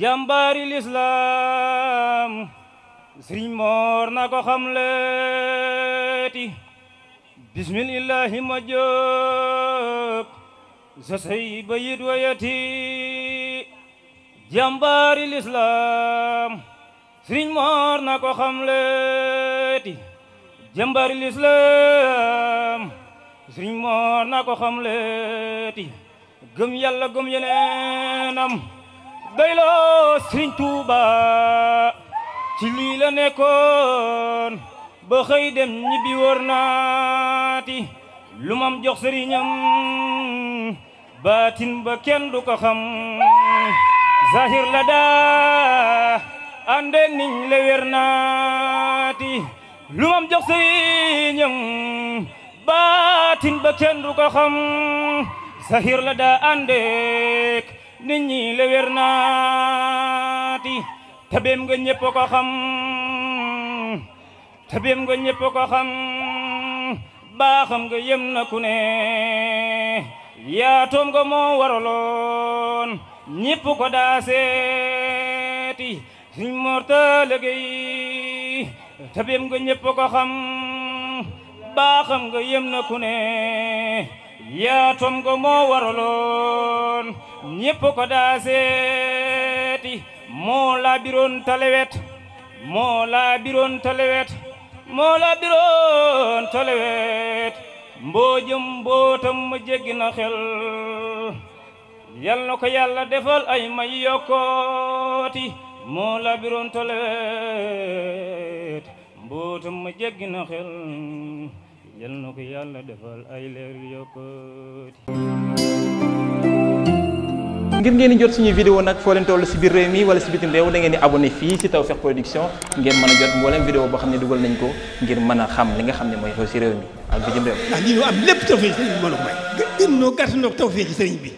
jàmbaari lislaam sëriñ moor na ko xamleeti bismillahi ma jóg sa say ba yit wayati jàmbaari lislaam sëriñ moor na ko xamleeti jàmbaari lislaam sëriñ moor na ko xamleeti gëm yàlla gëm yeneenam doyloo Sëriñ Tuuba ci lii la nekkoon ba xëy dem ñibbi wóor naati lu mam jox sëriñam baatin ba kenn du xam zahir daa ande niñ la wér naati lu mam jox sëriñam baatin ba kenn du xam zahir la daa àndeek nit ñi le wér naati tabeem nga ñëpp ko xam tabeem nga ñëpp ko xam baaxam nga yem na ku ne yaatoom nga moo waraloon ñëpp ko daa seeti suñ morta liggéey tabeem nga ñëpp ko xam baaxam nga yem na ku ne yaatom go moo waraloon ñépp ko daa seeti moo laabiroon talewet moo laabiroon talewet moo laabiroon talewet mboojëm mbootam mu jéggi na yal na ko yàlla defal ay may yokkooti moo laabiroon talewet mbootam mu jéggi nu ko yàlla defal ay leer yokkooti ngir ngeen di jot suñu vidéo nag foo leen toll si biir réew mi wala si bitim réew da ngeen di abonné fii si Tawfekh Production ngeen mën a jot mboolem vidéo boo xam ne dugal nañ ko ngir mën a xam li nga xam ne mooy xew si réew mi ak bitim réew. ndax ah, lii ñu am lépp Tawfekh sëriñ bi a sëriñ bi.